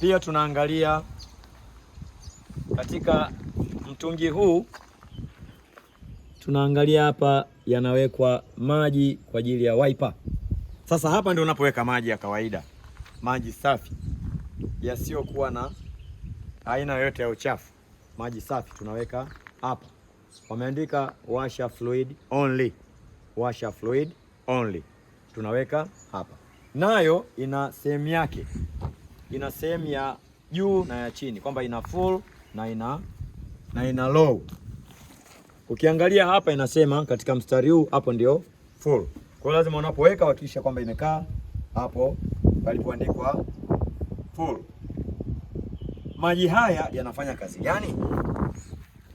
Pia tunaangalia katika mtungi huu, tunaangalia hapa yanawekwa maji kwa ajili ya wiper. Sasa hapa ndio unapoweka maji ya kawaida, maji safi yasiyokuwa na aina yoyote ya uchafu. Maji safi tunaweka hapa, wameandika washer fluid only, washer fluid only tunaweka hapa, nayo ina sehemu yake ina sehemu ya juu na ya chini, kwamba ina full na ina, na ina low. Ukiangalia hapa inasema katika mstari huu hapo ndio full. Kwa hiyo lazima unapoweka hakikisha kwamba imekaa hapo palipoandikwa full. Maji haya yanafanya kazi gani?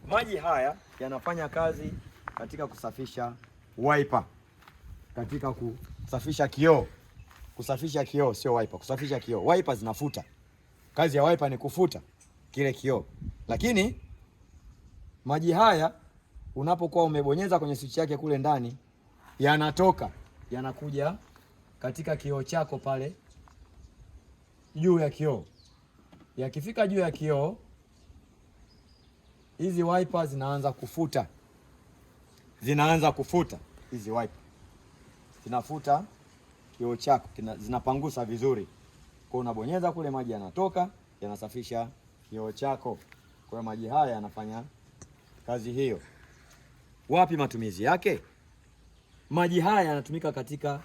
Maji haya yanafanya kazi katika kusafisha wiper, katika kusafisha kioo kusafisha kioo, sio wiper, Kusafisha kioo, Wiper zinafuta. Kazi ya wiper ni kufuta kile kioo, lakini maji haya unapokuwa umebonyeza kwenye swichi yake kule ndani, yanatoka yanakuja katika kioo chako pale juu ya kioo. Yakifika juu ya kioo, hizi wiper zinaanza kufuta, zinaanza kufuta, hizi waipa zinafuta kioo chako zinapangusa vizuri, kwa hiyo unabonyeza kule, maji yanatoka yanasafisha kioo chako. Kwa hiyo maji haya yanafanya kazi hiyo. Wapi matumizi yake? Maji haya yanatumika katika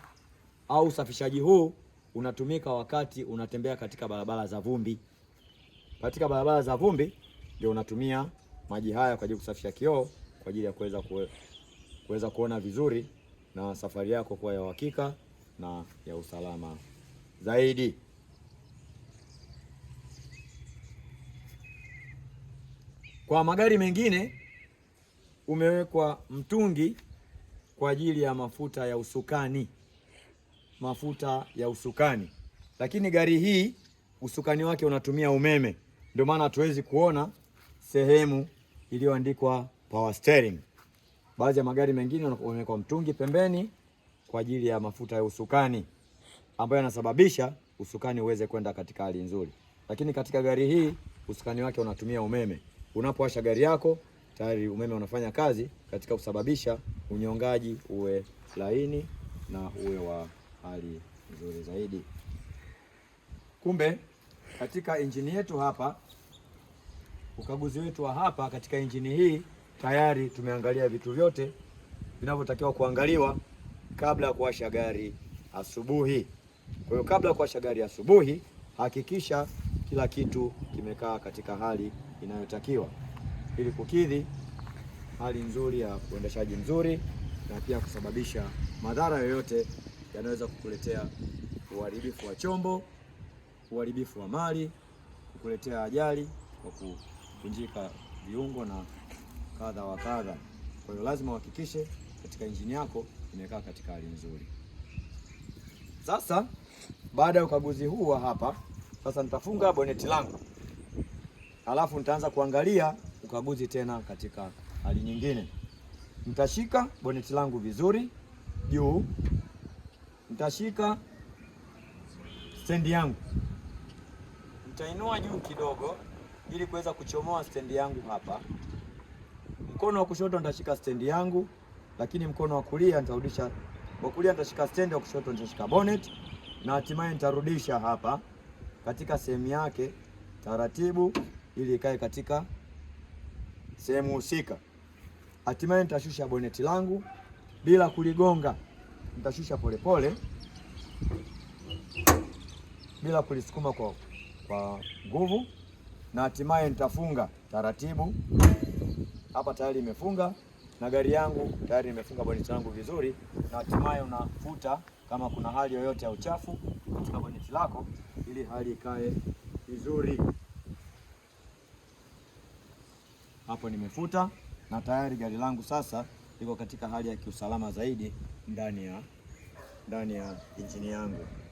au usafishaji huu unatumika wakati unatembea katika barabara za vumbi. Katika barabara za vumbi ndio unatumia maji haya kwa ajili kusafisha kioo kwa ajili ya kuweza kuweza kuona vizuri na safari yako kuwa ya uhakika na ya usalama zaidi. Kwa magari mengine umewekwa mtungi kwa ajili ya mafuta ya usukani, mafuta ya usukani, lakini gari hii usukani wake unatumia umeme, ndio maana hatuwezi kuona sehemu iliyoandikwa power steering. Baadhi ya magari mengine umewekwa mtungi pembeni kwa ajili ya mafuta ya usukani ambayo yanasababisha usukani uweze kwenda katika hali nzuri. Lakini katika gari hii usukani wake unatumia umeme. Unapowasha gari yako tayari umeme unafanya kazi katika kusababisha unyongaji uwe laini na uwe wa hali nzuri zaidi. Kumbe katika injini yetu hapa, ukaguzi wetu wa hapa katika injini hii tayari tumeangalia vitu vyote vinavyotakiwa kuangaliwa kabla ya kuwasha gari asubuhi. Kwa hiyo kabla ya kuwasha gari asubuhi, hakikisha kila kitu kimekaa katika hali inayotakiwa ili kukidhi hali nzuri ya uendeshaji mzuri na pia kusababisha madhara yoyote yanaweza kukuletea uharibifu wa chombo, uharibifu wa mali, kukuletea ajali kwa kuvunjika viungo na kadha wa kadha. Kwa hiyo lazima uhakikishe katika injini yako imekaa katika hali nzuri. Sasa baada ya ukaguzi huu wa hapa, sasa nitafunga boneti langu, alafu nitaanza kuangalia ukaguzi tena katika hali nyingine. Nitashika boneti langu vizuri juu, nitashika stendi yangu, nitainua juu kidogo ili kuweza kuchomoa stendi yangu hapa. Mkono wa kushoto nitashika stendi yangu lakini mkono wa kulia nitarudisha, wa kulia nitashika stendi, wa kushoto nitashika bonnet na hatimaye nitarudisha hapa katika sehemu yake taratibu, ili ikae katika sehemu husika. Hatimaye nitashusha boneti langu bila kuligonga, nitashusha polepole bila kulisukuma kwa kwa nguvu, na hatimaye nitafunga taratibu. Hapa tayari imefunga na gari yangu tayari nimefunga boneti langu vizuri, na hatimaye unafuta kama kuna hali yoyote ya uchafu katika boneti lako ili hali ikae vizuri. Hapo nimefuta na tayari gari langu sasa liko katika hali ya kiusalama zaidi ndani ya ndani ya injini yangu.